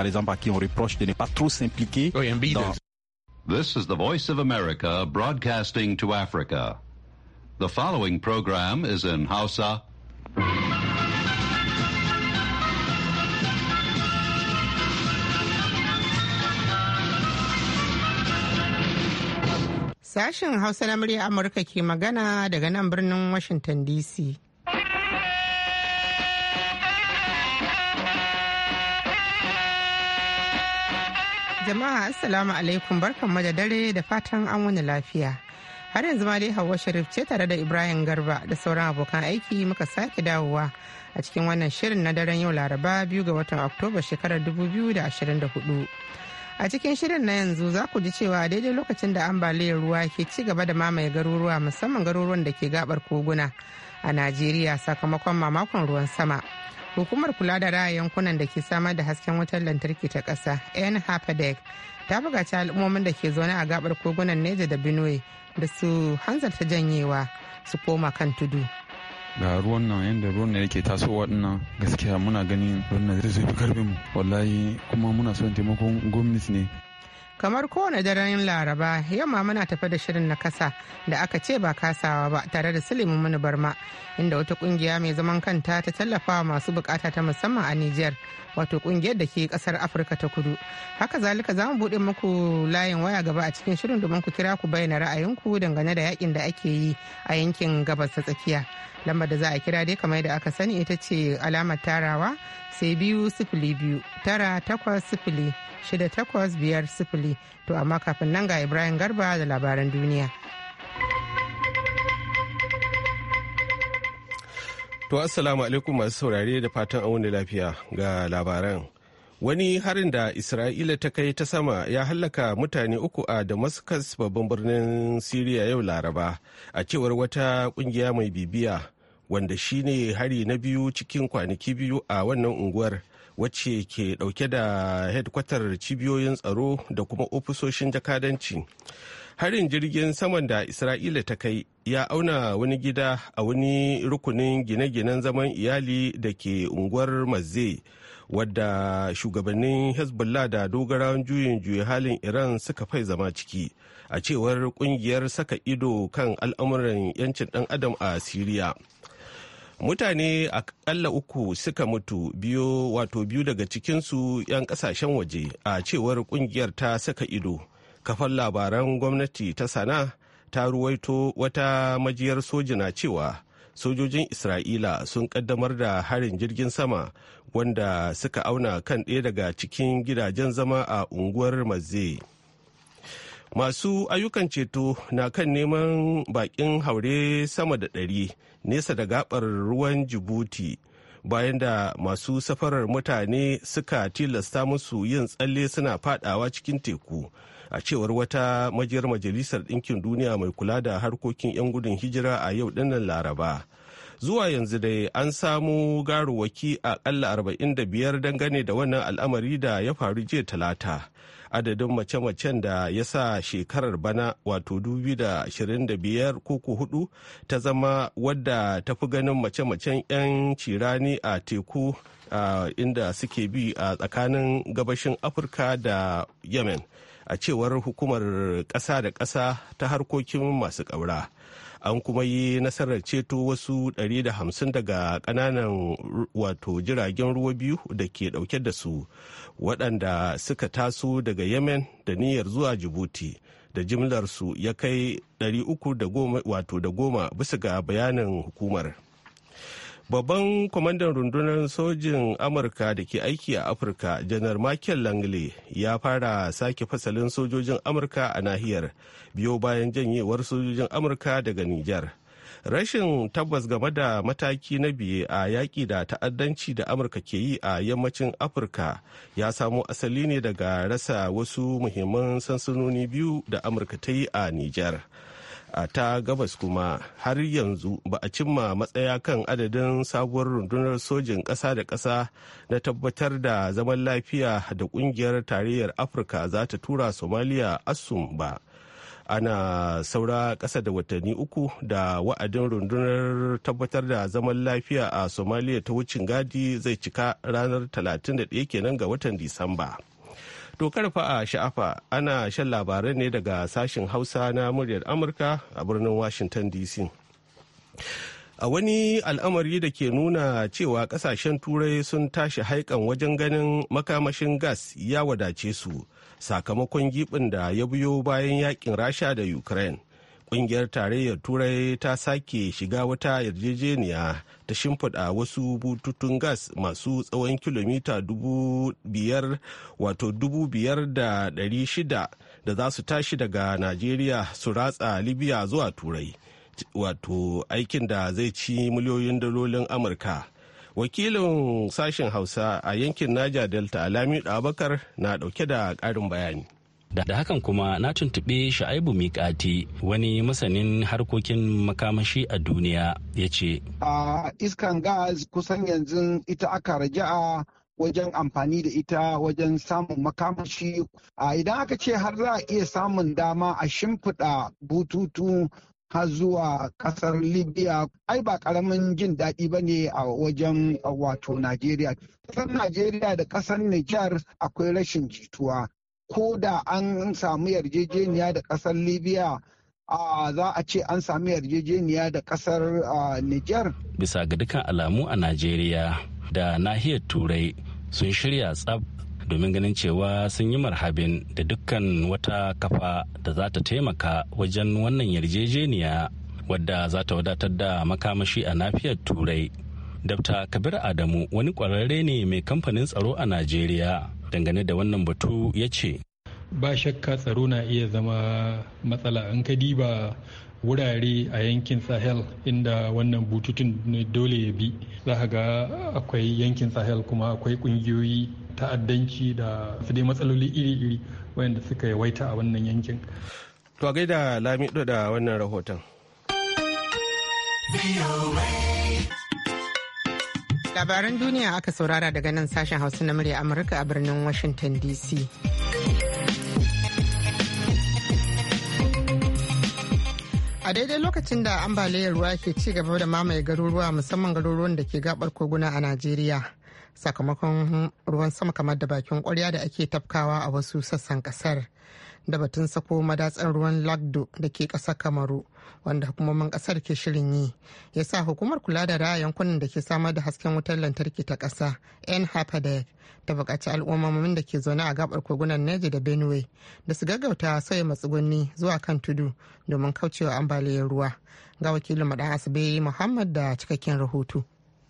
par exemple, à qui on reproche de ne pas trop s'impliquer. Oui, oh, dans... This is the Voice of America broadcasting to Africa. The following program is in Hausa. Sashen Hausa na murya Amurka ke magana daga nan birnin Washington DC. Jama'a Assalamu alaikum barkan da dare da fatan an wani lafiya. Har yanzu ma dai Hauwa Sharif ce tare da Ibrahim Garba da sauran abokan aiki muka sake dawowa a cikin wannan shirin na daren yau Laraba biyu ga watan Oktoba shekarar 2024. A cikin shirin na yanzu za ku ji cewa daidai lokacin da ambaliyar ruwa ke ci gaba da mamaye garuruwa musamman garuruwan da ke gabar koguna a Najeriya sakamakon mamakon ruwan sama. hukumar kula da raya yankunan da ke samar da hasken wutar lantarki ta ƙasa n e e ta bukaci al'ummomin da ke zaune a gabar kogunan neja da benue da su hanzarta janyewa su koma kan tudu ga ruwan nan yadda ruwan nan yake tasowa dinnan gaskiya muna ganin ruwan nan zai fi karfin mu wallahi kuma muna son taimakon gwamnati ne kamar kowane daren laraba yamma muna tafe da shirin na kasa da aka ce ba kasawa ba tare da suleiman mini barma inda wata kungiya mai zaman kanta ta tallafa masu bukata ta musamman a niger wato kungiyar da ke kasar afirka ta kudu haka zalika za mu buɗe muku layin waya gaba a cikin shirin domin ku kira ku bayyana ra'ayinku dangane da yakin da ake yi a yankin gabas ta tsakiya lambar da za a kira dai kamar da aka sani ita ce alamar tarawa sai biyu sifili biyu tara takwas sifili shida takwas biyar sifili to amma kafin nan ga ibrahim garba da labaran duniya to assalamu alaikum masu saurare da fatan da lafiya ga labaran wani harin da isra'ila ta kai ta sama ya hallaka mutane uku a damascus babban birnin syria yau laraba a cewar wata kungiya mai bibiya wanda shi ne hari na biyu cikin kwanaki biyu a wannan unguwar wacce ke dauke da hedkwatar cibiyoyin tsaro da kuma ofisoshin jakadanci harin jirgin saman da isra'ila ta kai ya auna wani gida a wani rukunin gine-ginen zaman iyali da ke unguwar mazze wadda shugabannin hezbollah da dogara juyin juya halin iran suka fai zama ciki a cewar kungiyar saka ido kan al'amuran 'yancin dan adam a siriya mutane akalla uku suka mutu biyo wato biyu daga cikinsu 'yan kasashen waje a cewar kungiyar ta saka ido kafar labaran gwamnati ta sana ta ruwaito wata majiyar sojina cewa sojojin isra'ila sun kaddamar da harin jirgin sama wanda suka auna kan ɗaya daga cikin gidajen zama a unguwar mazze. masu ayyukan ceto na kan neman bakin haure sama da ɗari nesa da gabar ruwan jibuti bayan da masu safarar mutane suka tilasta musu yin tsalle suna fadawa cikin teku a cewar wata majiyar majalisar ɗinkin duniya mai kula da harkokin 'yan gudun hijira a yau dinnan laraba zuwa yanzu dai an samu garuwaki a ƙalla 45 dangane da wannan al'amari da ya faru jiya talata adadin mace-macen da ya sa shekarar bana wato 2025 koko hudu ta zama wadda ta fi ganin mace-macen 'yan cirani a teku inda suke bi a tsakanin gabashin afirka da yemen a cewar hukumar ƙasa da ƙasa ta harkokin masu ƙaura. an kuma yi nasarar ceto wasu 150 daga kananan wato jiragen ruwa biyu da ke dauke da su waɗanda suka taso daga yemen da niyyar zuwa jibuti da jimlar su ya kai 310 bisa ga bayanin hukumar. babban kwamandan rundunar sojin amurka da ke aiki a afirka janar michael langley ya fara sake fasalin sojojin amurka a nahiyar biyo bayan janyewar sojojin amurka daga nijar rashin tabbas game da mataki na biye a yaƙi da ta'addanci da amurka ke yi a yammacin afirka ya samo asali ne daga rasa wasu muhimman sansanoni biyu da amurka ta yi a nijar a ta gabas kuma har yanzu ba a cimma matsaya kan adadin sabuwar rundunar sojin ƙasa da ƙasa na tabbatar da zaman lafiya da ƙungiyar tarayyar afirka za ta tura somaliya assum ba ana saura ƙasa da watanni uku da wa'adin rundunar tabbatar da zaman lafiya a somaliya ta wucin gadi zai cika ranar 31 kenan ga watan disamba Dokar fa a sha'afa ana shan labarai ne daga sashen Hausa na muryar Amurka a birnin Washington DC. a wani al'amari da ke nuna cewa kasashen turai sun tashi haikan wajen ganin makamashin gas ya wadace su sakamakon gibin da ya biyo bayan yakin rasha da ukraine kungiyar Tarayyar Turai ta sake shiga wata yarjejeniya ta shimfiɗa wasu bututun gas masu tsawon kilomita dubu biyar dubu biyar da ɗari shida da za su tashi daga Najeriya su ratsa Libya zuwa Turai. Wato aikin da zai ci miliyoyin dalolin Amurka. Wakilin sashen Hausa a yankin naja Delta Alamidu Abakar na ɗauke da ƙarin bayani. da hakan kuma na tuntuɓe sha'aibu miƙati wani masanin harkokin makamashi a duniya ya ce a iskan gas kusan yanzu ita aka a wajen amfani da ita wajen samun makamashi a idan aka ce har za a iya samun dama a shimfiɗa bututu har zuwa kasar libya ai ba ƙaramin jin daɗi ba ne a wajen wato najeriya ƙasar najeriya da ƙasar nijar akwai rashin jituwa ko da an samu yarjejeniya da ƙasar libya za a ce an sami yarjejeniya da kasar Nijar. Bisa ga dukkan alamu a Najeriya da nahiyar Turai sun shirya tsab domin ganin cewa sun yi marhabin da dukkan wata kafa da za ta taimaka wajen wannan yarjejeniya wadda za ta wadatar da makamashi a nafiyar Turai. Dabta Kabir Adamu wani kwararre ne mai kamfanin tsaro a Najeriya. dangane da wannan batu ya ce ba shakka tsaro na iya zama matsala an ka diba wurare a yankin sahel inda wannan bututun dole ya bi za ga akwai yankin sahel kuma akwai kungiyoyi ta'addanci da su dai matsaloli iri-iri wayanda suka yawaita a wannan yankin to a gaida lamido da wannan rahoton Labaran duniya aka saurara daga nan sashen Hausa na murya Amurka a birnin Washington DC. a daidai lokacin da ambaliyar ruwa ke ci gaba da mamaye garuruwa musamman garuruwan da ke gabar koguna a najeriya sakamakon ruwan sama kamar da bakin kwarya da ake tafkawa a wasu sassan kasar da batun sako madatsar ruwan lagdo da ke ƙasar kamaru wanda hukumomin ƙasar ke shirin yi ya sa hukumar kula da raya yankunan da ke samar da hasken wutar lantarki ta ƙasa n hapadek ta bukaci al'ummomin da ke zaune a gabar kogunan Niger da benue da su gaggauta sauya tsugunni zuwa kan tudu domin kaucewa ambaliyar ruwa ga wakilin madan asibe muhammad da cikakken rahoto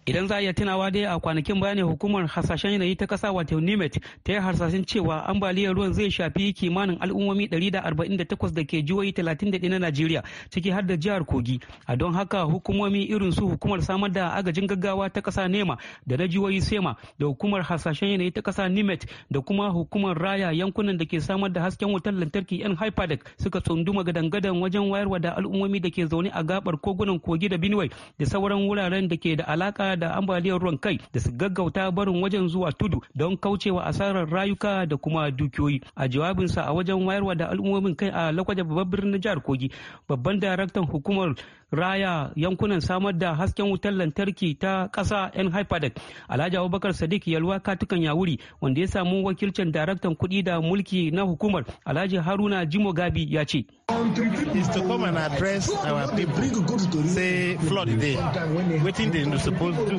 idan za a iya tunawa dai a kwanakin bayani hukumar hasashen yanayi ta kasa wato nimet ta yi harsashen cewa ambaliyar ruwan zai shafi kimanin al'ummomi 148 da ke jihohi 31 na najeriya ciki har da jihar kogi a don haka hukumomi irin su hukumar samar da agajin gaggawa ta kasa nema da na jihohi sema da hukumar hasashen yanayi ta kasa nimet da kuma hukumar raya yankunan da ke samar da hasken wutar lantarki yan hyperdeck suka tsunduma gadan wajen wayarwa da al'ummomi da ke zaune a gabar kogunan kogi da benue da sauran wuraren da ke da alaka da ambaliyar ruwan kai da su gaggauta barin wajen zuwa tudu don kaucewa asarar rayuka da kuma dukiyoyi a jawabinsa a wajen wayarwa da al'ummomin kai a lakwaje babban birnin jihar kogi babban daraktan hukumar raya yankunan samar da hasken wutar lantarki ta kasa yan haifadek alhaji abubakar sadiq yalwa katukan yawuri wanda ya samu wakilcin daraktan kuɗi da mulki na hukumar alhaji haruna jimo gabi ya ce is to come our people say flood dey wetin suppose do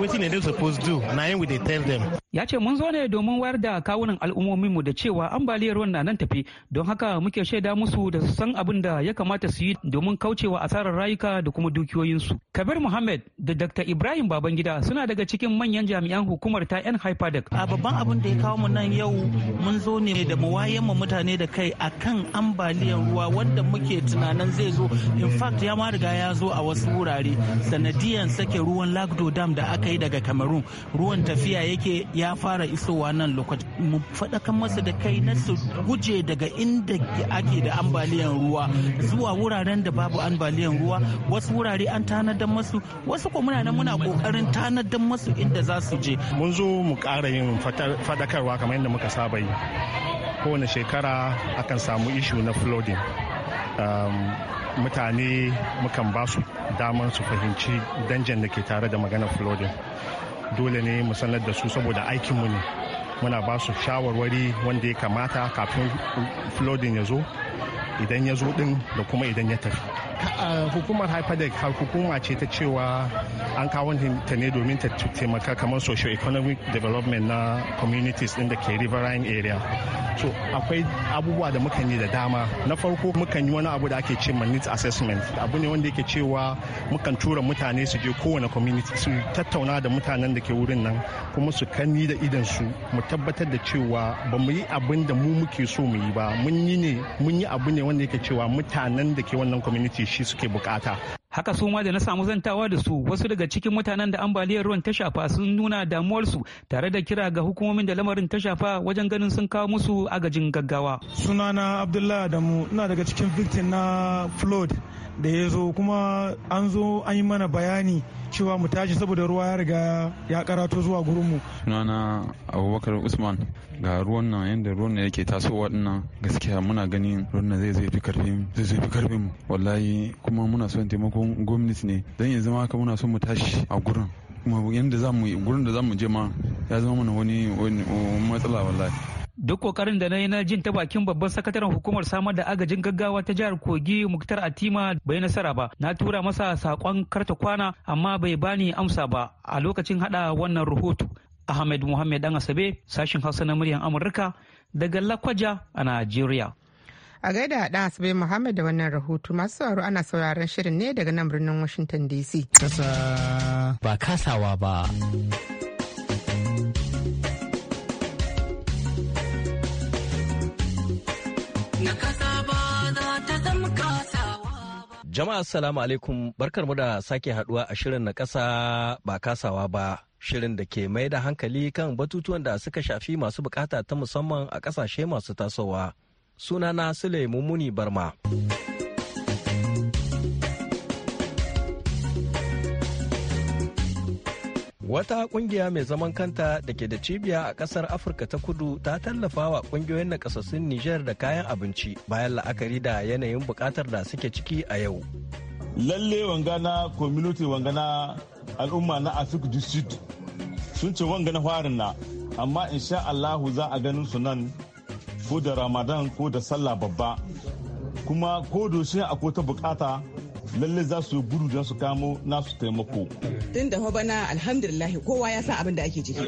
wetin they suppose do na him we dey tell them ya ce mun zo ne domin wayar da kawunan al'ummominmu da cewa ambaliyar ruwan na nan tafi don haka muke shaida musu da su san abin da ya kamata su yi domin kaucewa asarar rayuka da kuma dukiyoyinsu. Kabir Muhammad da Dr. Ibrahim Babangida suna daga cikin manyan jami'an hukumar ta 'yan haifadak. A babban abin da ya kawo mu nan yau mun zo ne da mu wayan mu mutane da kai a kan ambaliyar ruwa wanda muke tunanin zai zo. In fact ya ma riga ya zo a wasu wurare sanadiyan sake ruwan Lagdo Dam da aka yi daga Cameroon ruwan tafiya yake ya fara isowa nan lokacin. mu faɗakan masa da kai na su guje daga inda ake da ambaliyan ruwa zuwa wuraren da babu ambaliyan ruwa wasu wurare an tanadar masu wasu kuma muna nan muna kokarin tanadar masu inda za su je mun zo mu ƙara yin faɗakarwa kamar yadda muka saba yi kowane shekara akan samu ishu na flooding mutane mukan ba su damar su fahimci danjan da ke tare da maganar flooding dole ne mu sanar da su saboda aikinmu ne muna ba su shawarwari wanda ya kamata kafin flooding ya zo idan ya zo din da kuma idan ya tafi hukumar hyperdeck hukuma ce ta cewa an kawo ta ne domin ta taimaka kamar socio-economic development na communities din da ke riverine area so akwai abubuwa da muka yi da dama na farko mukan yi wani abu da ake ce needs assessment abu ne wanda yake cewa mukan tura mutane su je kowane community su tattauna da mutanen da ke wurin nan kuma su kani da idan su mu tabbatar da cewa ba mu yi abin da mu muke so mu yi ba mun yi ne mun yi abu ne wanda yake cewa mutanen da ke wannan community shi suke bukata haka su ma da na samu zantawa da su wasu daga cikin mutanen da ambaliyar ruwan ta shafa sun nuna damuwarsu tare da kira ga hukumomin da lamarin ta shafa wajen ganin sun kawo musu agajin gaggawa sunana abdullahi adamu ina daga cikin victim na flood da ya zo kuma an zo an yi mana bayani cewa mu tashi saboda ruwa ya riga ya karato zuwa gurinmu. Sunana Abubakar Usman ga ruwan nan yadda ruwan nan yake tasowa dinnan gaskiya muna ganin ruwan nan zai zai fi karfin zai zai fi karfin mu wallahi kuma muna son taimakon gwamnati ne dan yanzu ma haka muna son mu tashi a gurin kuma yadda za mu gurin da za mu je ma ya zama mana wani matsala wallahi. duk kokarin da na yi na jin ta bakin babban sakataren hukumar samar da agajin gaggawa ta jihar kogi muktar atima bai nasara ba na tura masa sakon karta kwana amma bai bani amsa ba a lokacin hada wannan rahoto ahmed muhammed dan asabe sashin hausa na muryan amurka daga lakwaja a najeriya a gaida da asabe muhammed da wannan rahoto masu sauraro ana sauraron shirin ne daga nan birnin washington dc kasa ba kasawa ba Jama'a salamu alaikum barkarmu da sake haduwa a shirin na kasa ba kasawa ba shirin da ke mai da hankali kan batutuwan da suka shafi masu bukata ta musamman a ƙasashe masu tasowa sunana Sule muni Barma. Wata kungiya mai zaman kanta da ke da cibiya a kasar Afirka ta kudu ta tallafa wa kungiyoyin nakasassun Nijar da kayan abinci bayan la'akari da yanayin bukatar da suke ciki a yau. Lalle wangana community wangana al'umma na Afirka District sun ce wanga farin na amma insha Allahu za a ganin su nan ko da Ramadan ko da sallah babba kuma ko doshe akwai ta bukata lalle za su gudu don su kamo nasu taimako. Tun da bana alhamdulillah kowa ya sa abin da ake ciki.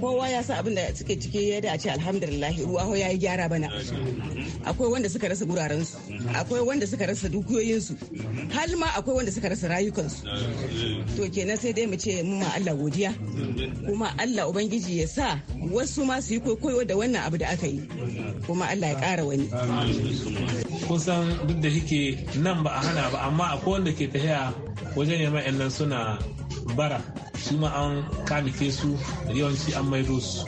Kowa ya sa abin da suke ciki ya da a ce alhamdulillah ruwa ya yi gyara bana. Akwai wanda suka rasa gurarensu, akwai wanda suka rasa dukiyoyinsu, har ma akwai wanda suka rasa rayukansu. To kenan sai dai mu ce mu ma Allah godiya. Kuma Allah Ubangiji ya sa wasu ma su yi koyo da wannan abu da aka yi. Kuma Allah ya ƙara wani. Kusan duk da yake nan ba a hana ba amma akwai wanda ke haya wajen yamma yan nan suna bara su ma an kamike su da yawanci an maido su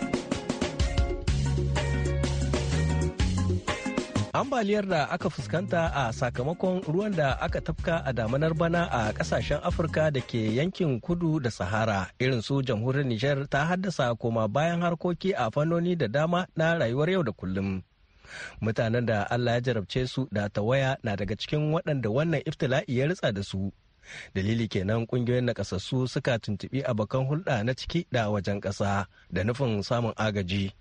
ambaliyar da aka fuskanta a sakamakon ruwan da aka tafka a damanar bana a kasashen afirka da ke yankin kudu da sahara irin su jamhuriyar nijar ta haddasa koma bayan harkoki a fannoni da dama na rayuwar yau da kullum mutanen da allah ya jarabce su da tawaya na daga cikin waɗanda wannan iftila'i ya ritsa da su dalili kenan ƙungiyoyin nakasassu suka tuntubi abokan hulɗa na ciki da wajen ƙasa da nufin samun agaji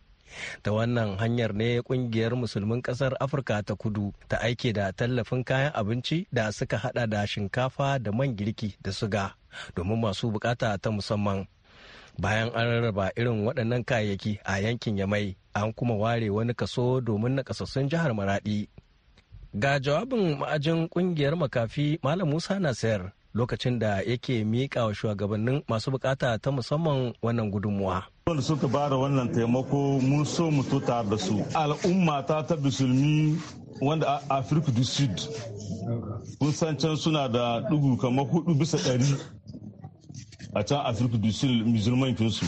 ta wannan hanyar ne ƙungiyar musulmin ƙasar afirka ta kudu ta aike da tallafin kayan abinci da suka hada da shinkafa da man girki da suga domin masu bukata ta musamman bayan an rarraba irin waɗannan kayayyaki a yankin yamai an kuma ware wani kaso domin nakasassun jihar maraɗi. ga jawabin ma'ajin ƙungiyar makafi malam musa nasir lokacin da yake miƙa wa shugabannin masu bukata ta musamman wannan gudunmuwa. wanda suka ba da wannan taimako mun so mu tuta da su al'umma ta ta musulmi wanda afirka du sud kun san can suna da dugu kamar hudu bisa ɗari a can afirka du sul musulman su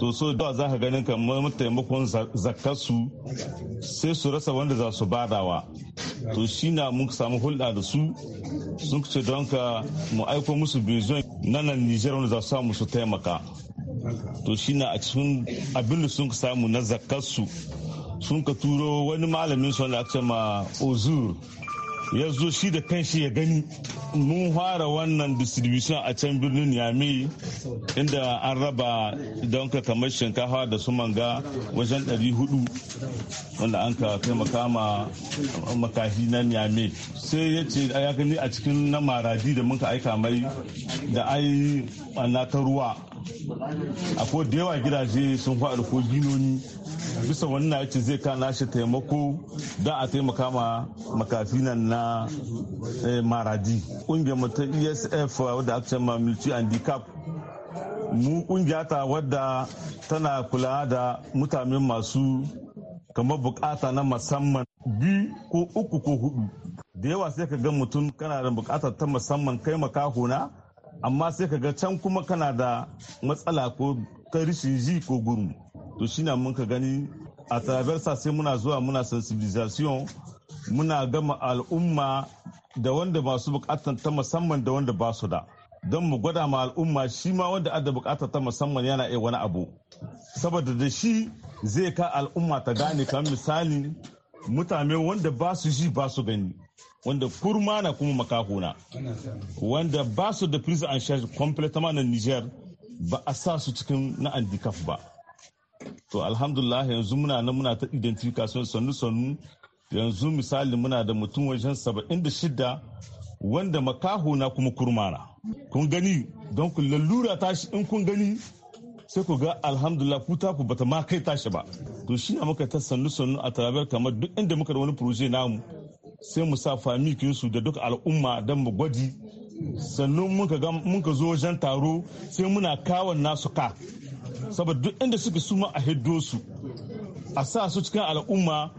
to so da za ka ganin kamar mataimakon zakasu sai su rasa wanda za su badawa to shi na mun samu hulɗa da su sun ce don ka mu aiko musu bizon nana nijar wanda za su samu su taimaka to shi na a cikin abin da sun samu na zakarsu sun ka turo wani malamin su wanda aka ma ozur ya zo shi da kanshi ya gani mun fara wannan distribution a can birnin yami inda an raba don ka kamar shinkafa da su manga wajen 400 wanda an ka taimaka ma makahi na yami sai ya ce ya gani a cikin na maradi da muka aika mai da ai ta ruwa akwai da yawa gidaje sun faɗa ko ginoni bisa wannan ce zai kana shi taimako don a taimaka ma makafi nan na eh, maradi ƙungiyar esf wadda aka ma multi handicap mu ƙungiya ta wadda tana kula da mutane masu kama bukata na musamman bi ko uku ko hudu da yawa sai ka ga mutum kana da bukata ta musamman kai makahona amma sai ka ga can kuma kana da matsala ko ta su ji ko gurmu to shi na muka gani a traversa sai muna zuwa muna sensibilisation muna gama al'umma da wanda masu bukatar ta musamman da wanda ba su da don mu gwada ma al'umma shi ma wanda ada bukatar ta musamman yana iya wani abu saboda da shi zai ka al'umma ta gane kamar misali mutane wanda ba su ji ba su gani wanda kurma na kuma makahuna wanda ba su da prison and charge complete na niger ba a sa su cikin na handicap ba to alhamdulillah yanzu muna nan muna ta identification sannu sannu yanzu misali muna da mutum wajen saba'in da shida wanda makaho na kuma kurmana kun gani don ku lallura tashi in kun gani sai ku ga alhamdulillah ku taku bata ma kai tashi ba to shi na muka ta sannu sannu a tarabar kamar duk inda muka da wani proje namu sai mu sa famikin su da duk al'umma don mu gwaji sannan muka zo wajen taro sai muna kawon nasu ka saboda duk inda suka suma a hiddo su a sa su cikin al'umma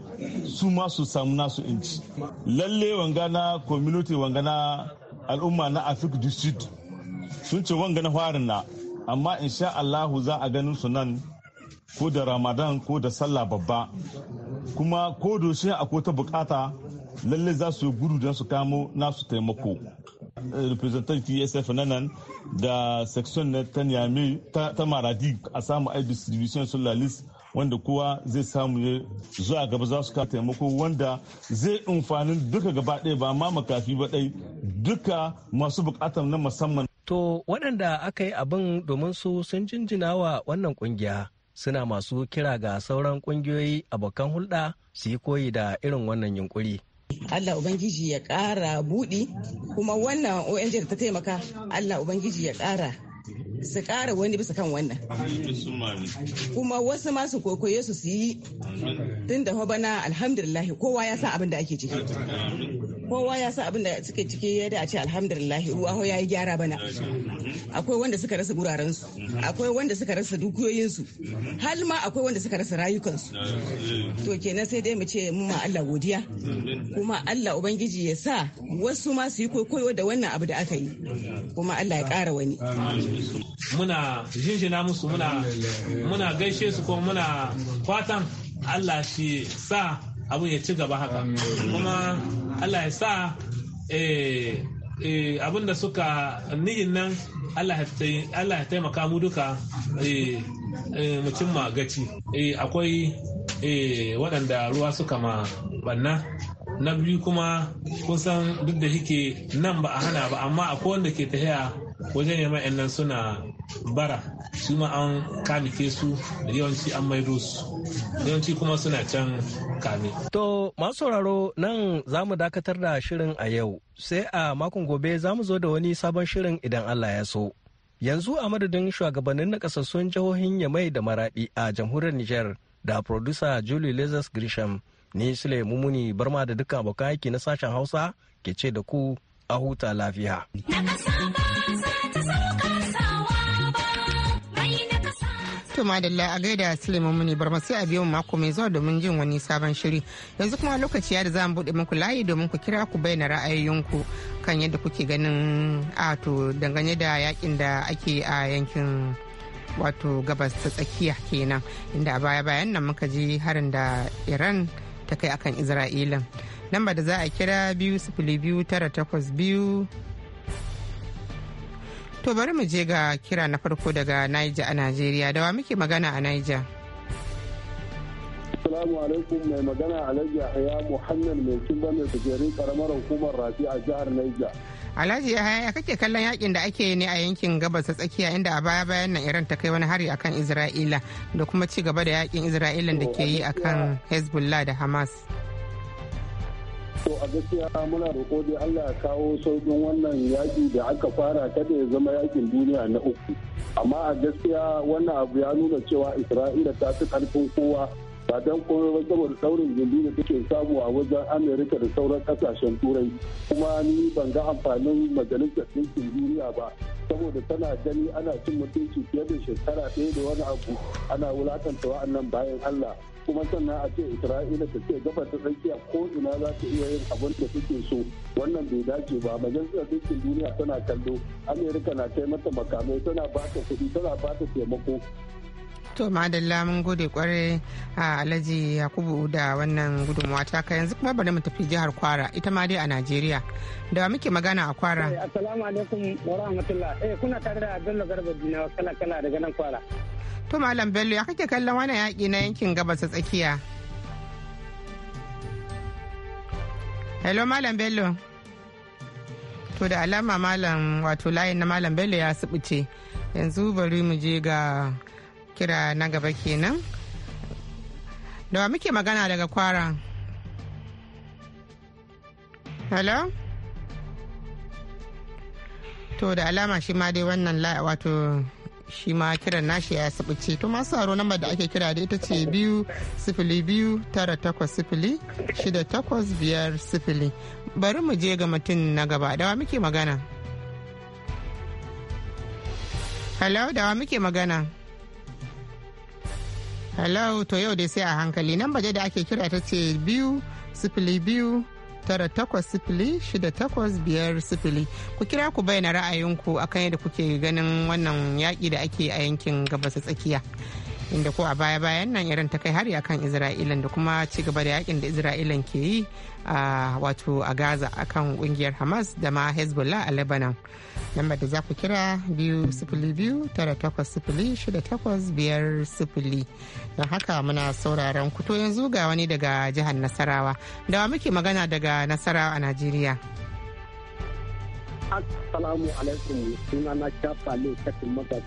su ma su samu nasu inci lalle wanga na community wanga na al'umma na afirka district sun ce wanga na farin na amma insha allahu za a ganin su nan ko da ramadan ko da sallah babba kuma ko a akwai ta bukata lalle za su yi gudu don su kamo nasu taimako representant usf na nan da section na ta nyame ta maradi a samu a distribution sur wanda kowa zai samu ya zuwa gaba za su ka taimako wanda zai amfanin duka gaba ɗaya ba ma makafi ba ɗai duka masu bukatar na musamman. To waɗanda aka yi abin domin su sun jinjina wa wannan ƙungiya suna masu kira ga sauran ƙungiyoyi abokan hulɗa su yi koyi da irin wannan yunkuri. Allah Ubangiji ya ƙara buɗi kuma wannan ONG da ta taimaka Allah Ubangiji ya ƙara su ƙara wani bisa kan wannan. Kuma wasu masu kokoye su suyi yi tun da bana alhamdulillah kowa ya san abin da ake ciki. kowa ya sa abin da suke ciki ya da ce alhamdulillah ruwa ya yi gyara bana akwai wanda suka rasa gurarensu akwai wanda suka rasa dukiyoyinsu har ma akwai wanda suka rasa rayukansu to kenan sai dai mu ce mu ma Allah godiya kuma Allah ubangiji ya sa wasu ma su yi koyo da wannan abu da aka yi kuma Allah ya kara wani muna jinjina musu muna muna gaishe su ko muna fatan Allah shi sa abu ya ci gaba haka kuma allah ya sa eh, eh, abin da suka niyin nan allah ya taimaka mu duka eh, mu ma gaci akwai waɗanda ruwa suka ma banna na biyu kuma kun san duk da hike nan ba a hana ba amma akwai wanda ke tafiya wajen neman yan nan suna bara su ma an kamife su da yawanci an maido su yawanci kuma suna can kame. To masu sauraro nan za mu dakatar da shirin a yau sai a makon gobe za mu zo da wani sabon shirin idan Allah ya so. Yanzu a madadin shugabannin na kasassun jihohin Yamai da Maradi a jamhuriyar Nijar da producer Julie Lazarus Grisham ni Sule Mumuni Barma da dukkan abokan aiki na sashen Hausa ke ce da ku a huta lafiya. To madalla a gaida Suleiman Muni bar sai a biyan mako mai zuwa domin jin wani sabon shiri. Yanzu kuma lokaci ya da za mu buɗe muku layi domin ku kira ku bayyana ra'ayoyinku kan yadda kuke ganin a to dangane da yakin da ake a yankin wato gabas ta tsakiya kenan inda a baya bayan nan muka ji harin da Iran ta kai akan Isra'ilin. lambar da za a kira biyu sifili biyu to bari mu je ga kira na farko daga niger a najeriya dawa muke magana a niger Assalamu alaikum mai magana Alhaji Yahaya Muhammad mai kimba mai kujerin karamar hukumar Rafi a jihar Niger. Alhaji Yahaya kake kallon yakin da ake ne a yankin gabas ta tsakiya inda a baya bayan nan Iran ta kai wani hari akan Isra'ila da kuma ci gaba da yakin Isra'ilan da ke yi akan Hezbollah da Hamas. To a gaskiya muna roƙo da Allah ya kawo sauƙin wannan yaƙi da aka fara kada ya zama yaƙin duniya na uku. Amma a gaskiya wannan abu ya nuna cewa Isra'ila ta fi ƙarfin kowa ba don kuma ba saboda saurin gindi da take samu a wajen Amerika da sauran kasashen Turai. Kuma ni ban ga amfanin majalisar ɗinkin duniya ba. saboda tana gani ana cin mutunci fiye da shekara ɗaya da wani abu ana wulakanta wa'annan bayan Allah kuma sannan a ce isra'ila ta ce gabas ta tsakiya ko ina za ta iya yin abun da suke so wannan bai dace ba majalisar dukkan duniya tana kallo amerika na kai mata makamai tana ba ta kuɗi tana ba ta taimako to madalla mun gode kwarai a alhaji yakubu da wannan gudunmawa ta kai yanzu kuma bari mu tafi jihar kwara ita ma dai a najeriya da wa muke magana a kwara eh, assalamu alaikum wa rahmatullah eh kuna tare da abdullahi garba dina kala kala daga nan kwara To Malam Bello ya kake kallon wani yaƙi na yankin gabas ta tsakiya? Hello Malam Bello. To da alama Malam wato layin na Malam Bello ya subuce. Yanzu bari mu je ga kira na gaba kenan. Da wa muke magana daga kwara. Hello? To da alama shi ma dai wannan wato shi ma kiran nashi ya sabuce to masu aro lambar da ake kira da ita ce biyu sifili biyu tara takwas sifili shida takwas biyar sifili bari mu je ga mutum na gaba dawa muke magana hello dawa muke magana hello to yau dai sai a hankali nan baje da ake kira ta ce biyu sifili biyu tara takwas sifili shida takwas biyar sifili ku kira ku bayyana ra'ayinku akan yadda kuke ganin wannan yaƙi da ake a yankin gabas tsakiya. inda ko a baya-bayan nan iran ta kai hari akan isra'ilan da kuma ci gaba da yakin da isra'ilan ke yi a wato a gaza akan kungiyar hamas da ma hezbollah a lebanon lambar da za ku kira biyu sifili biyu tara takwas sifili shida takwas biyar sifili don haka muna sauraron kuto yanzu ga wani daga jihar nasarawa da wa muke magana daga nasarawa a najeriya Assalamu alaikum na Shafa ne Kasim Mata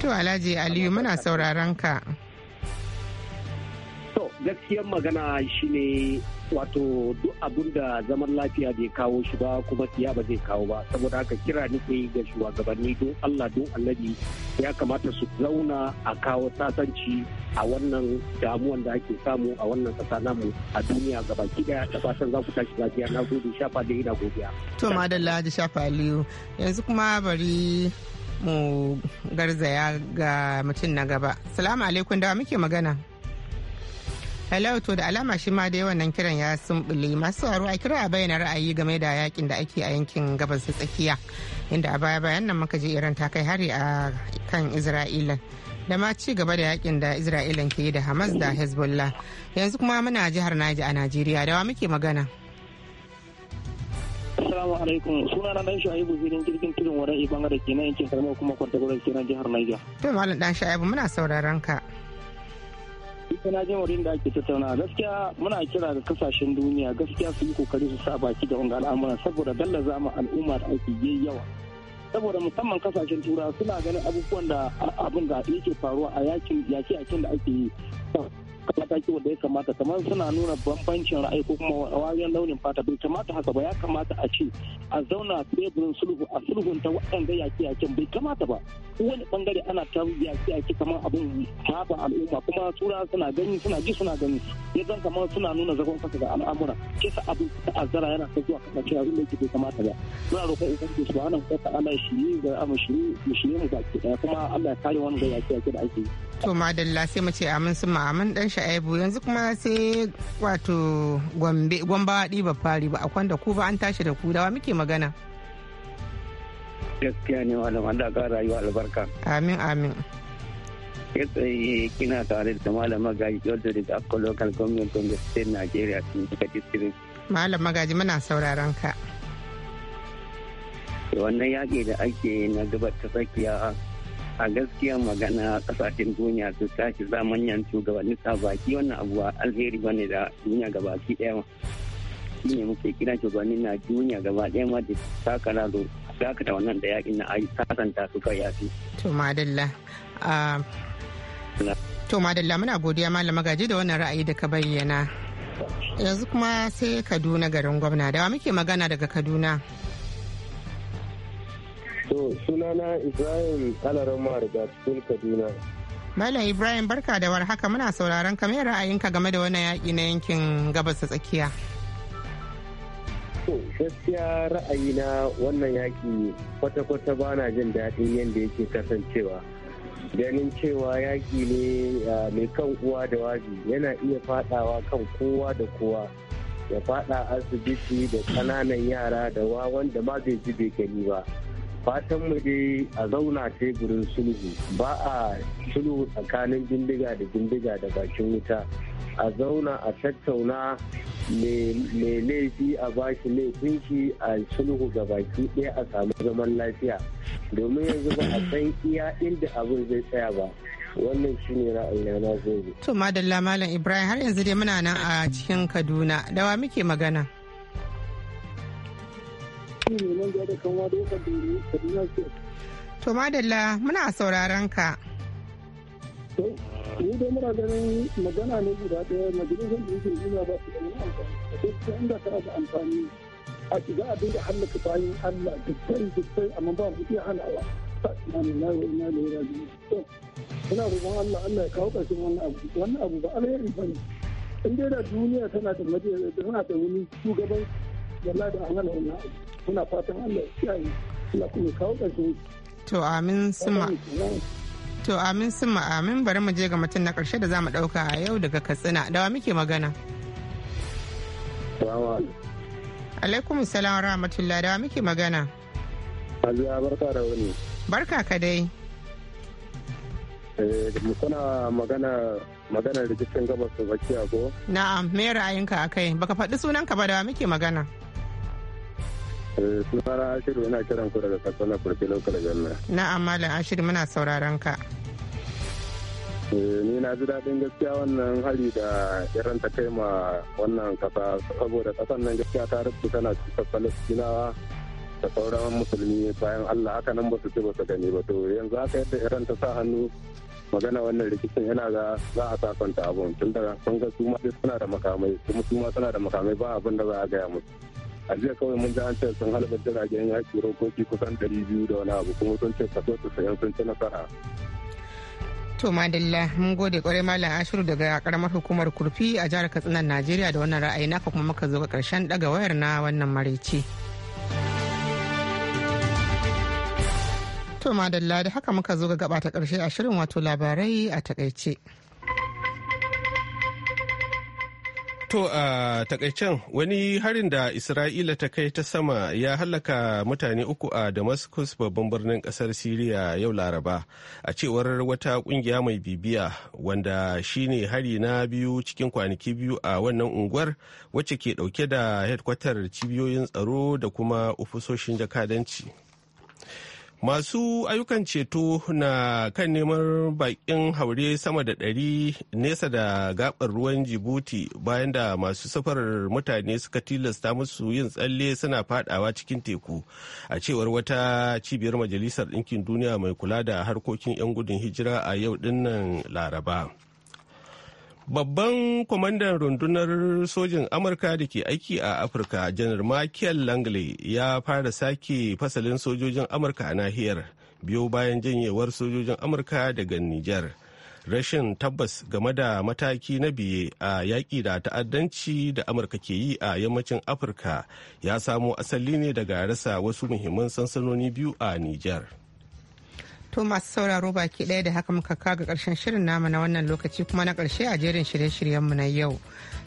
To Alhaji Aliyu muna sauraron ka. To gaskiyar magana shi ne wato duk abin da zaman lafiya bai kawo shi ba kuma siya ba zai kawo ba saboda haka kira nufi ga shugabanni don Allah don Allahi ya kamata su zauna a kawo sasanci a wannan damuwan da ake samu a wannan kasa namu a duniya gaba daya da fatan za ku tashi lafiya na gode shafa da ina godiya to madalla da shafa aliyu yanzu kuma bari mu garzaya ga mutum na gaba. Salamu alaikum da muke magana. Hello to da alama shi ma dai wannan kiran ya sumbuli masu haro a kira bayyana ra'ayi game da yakin da ake a yankin gabas ta tsakiya inda a baya bayan nan muka je Iran ta kai hari a kan Isra'ila da ma ci gaba da yakin da Isra'ila ke da Hamas da Hezbollah yanzu kuma muna jihar Naija a Najeriya da wa muke magana. Assalamu alaikum suna na dan shaibu zirin jirgin tudun warai bangare kenan yankin karamar kuma kwanta gurin kenan jihar Niger. To malam dan shaibu muna sauraron ka. Ita na jin wurin da ake tattauna gaskiya muna kira ga kasashen duniya gaskiya su yi kokari su sa baki da wanga al'amuran saboda gallaza mu al'umma da ake yi yawa. saboda musamman kasashen turawa suna ganin abubuwan da abin da yake faruwa a yakin yaki yakin da ake yi mataki wanda ya kamata kamar suna nuna bambancin ra'ayi ko kuma wariyar launin fata bai kamata haka ba ya kamata a ce a zauna teburin sulhu a sulhunta waɗanda yaƙi yaƙin bai kamata ba wani bangare ana ta yaƙi yaƙi kamar abin haɓa al'umma kuma tura suna gani suna ji suna gani ya zan kamar suna nuna zagon kasa ga al'amura kisa abin ta'azzara yana ta zuwa kasance abin da yake bai kamata ba muna roƙon ubangiji subhanahu kasa ta'ala shi da amma shi mu shirye mu baki kuma Allah ya kare wani wannan yaƙi yaƙi da ake yi to madalla sai mace amin sun amin dan sha'aibu yanzu kuma sai wato gombe wadi ba fari ba akwai da ku ba an tashi da ku da wa muke magana gaskiya ne malam Allah ga rayuwa albarka amin amin kai tsaye kina tare da malam magaji yadda daga akko local government gombe state nigeria sun daga district malam magaji muna sauraron ka wannan yaƙi da ake na gabar ta tsakiya a gaskiya magana kasashen duniya su tashi za manyan shugabanni sa baki wannan abuwa alheri bane da duniya baki daya shi ne muke kira shugabannin na duniya gaba daya ma da takara da dakata wannan da yakin na ayi sasanta su kai yafi to madalla to madalla muna godiya malam magaji da wannan ra'ayi da ka bayyana yanzu kuma sai kaduna garin gwamna da muke magana daga kaduna so sunana Ibrahim Alarama daga cikin Kaduna. Malam Ibrahim barka da war haka muna sauraron ka mai ra'ayinka game da wannan yaƙi na yankin gabas tsakiya. To gaskiya na wannan yaƙi kwata-kwata ba na jin daɗin yadda yake kasancewa. ganin cewa yaƙi ne mai kan uwa da waji yana iya faɗawa kan kowa da kowa ya faɗa asibiti da ƙananan yara da wawan da ma bai ji bai gani ba. fatan mu dai a zauna teburin sulhu ba a sulhu tsakanin bindiga da bindiga da bakin wuta a zauna a tattauna mai laifi a bashi laifin shi a sulhu ga baki ɗaya a samu zaman lafiya domin yanzu ba a san iya inda abin zai tsaya ba wannan shi ne ra'ayina na zai to madalla malam ibrahim har yanzu dai muna nan a cikin kaduna dawa muke magana. shi da kan kaduna to madalla muna sauraron ka. ni muna ganin magana ne guda ɗaya majalisar ɗinkin duniya ba su amfani inda ka amfani a shiga a dinga hallaka bayan allah dukkan dukkan amma ba mu iya halawa na yi na ina roƙon allah allah ya kawo ƙarshen wannan abu wannan abu ba alheri ba ne in dai da duniya tana da tana da wani shugabanci wallahi da an hana muna fatan Allah ya kiyaye Allah kuma kawo ƙarshen to amin suma to amin suma amin bari mu je ga mutum na karshe da za mu ɗauka a yau daga katsina da wa muke magana alaikum salam wa rahmatullah wa muke magana Aliya barka da wani. Barka ka dai. kuna eh, magana magana da rikicin gabas da tsakiya ko? Na'am, me ra'ayinka kai? Baka faɗi sunanka ba da wa muke magana. Eh, sunana ashiru ina kiran ku daga katsina kurki lokal ganna na'am malam ashiru muna sauraron ka eh, ni na ji daɗin gaskiya wannan hari da iran ta kai ma wannan kasa saboda kasan nan gaskiya ta rufe tana cikin falastinawa da sauran musulmi bayan allah haka nan ba su ci ba gani ba to yanzu haka yadda irin ta sa hannu magana wannan rikicin yana ga za a sa kanta abun tun daga sun ga suna da makamai kuma suna da makamai ba abin da za a gaya musu a jiya kawai mun ji an ce sun halaba jiragen yaki rokoki kusan 200 da wani abu kuma sun ce kaso 90 sun ci nasara To Madalla mun gode kwarai Malam Ashiru daga karamar hukumar kurfi a jihar Katsina Najeriya da wannan ra'ayi naka kuma muka zo ga karshen daga wayar na wannan maraice. To Madalla da haka muka zo ga gabata ta karshe a shirin wato labarai a takaice. To a takaicen wani harin da Isra'ila ta kai ta sama ya hallaka mutane uku a Damascus babban birnin kasar Siriya yau Laraba a cewar wata kungiya mai bibiya wanda shine hari na biyu cikin kwanaki biyu a wannan unguwar wacce ke dauke da hedkwatar cibiyoyin tsaro da kuma ofisoshin jakadanci. masu ayyukan ceto na kan neman bakin haure sama da ɗari nesa da gabar ruwan jibuti bayan da masu safarar mutane suka tilasta musu yin tsalle suna fadawa cikin teku a cewar wata cibiyar majalisar ɗinkin duniya mai kula da harkokin 'yan gudun hijira a yau dinnan laraba Babban kwamandan rundunar sojin Amurka da ke aiki a Afirka, Janar Michael Langley ya fara sake fasalin sojojin Amurka a nahiyar biyo bayan janyewar sojojin Amurka daga Nijar. Rashin tabbas game da mataki na biye a yaƙi da ta'addanci da Amurka ke yi a yammacin Afirka ya samo asali ne daga rasa wasu muhimman sansanoni biyu a Nijar. To masu sauraro baki ɗaya da haka muka kaga ƙarshen shirin namu na wannan lokaci kuma na ƙarshe a jerin shirye-shiryenmu na yau.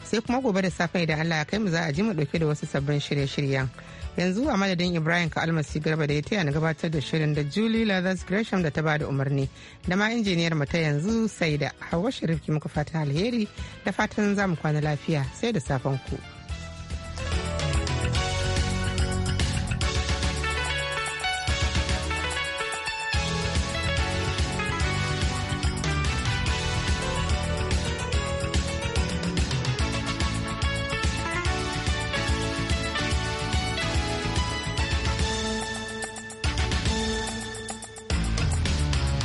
Sai kuma gobe da safe idan Allah ya kai mu za a ji mu ɗauke da wasu sabbin shirye-shiryen. Yanzu a madadin Ibrahim ka almasi garba da ya taya na gabatar da shirin da Julie Lazarus Gresham da ta bada umarni da ma injiniyar mu ta yanzu sai da Hauwa Sharif ki muka fata alheri da fatan za mu kwana lafiya sai da safen ku.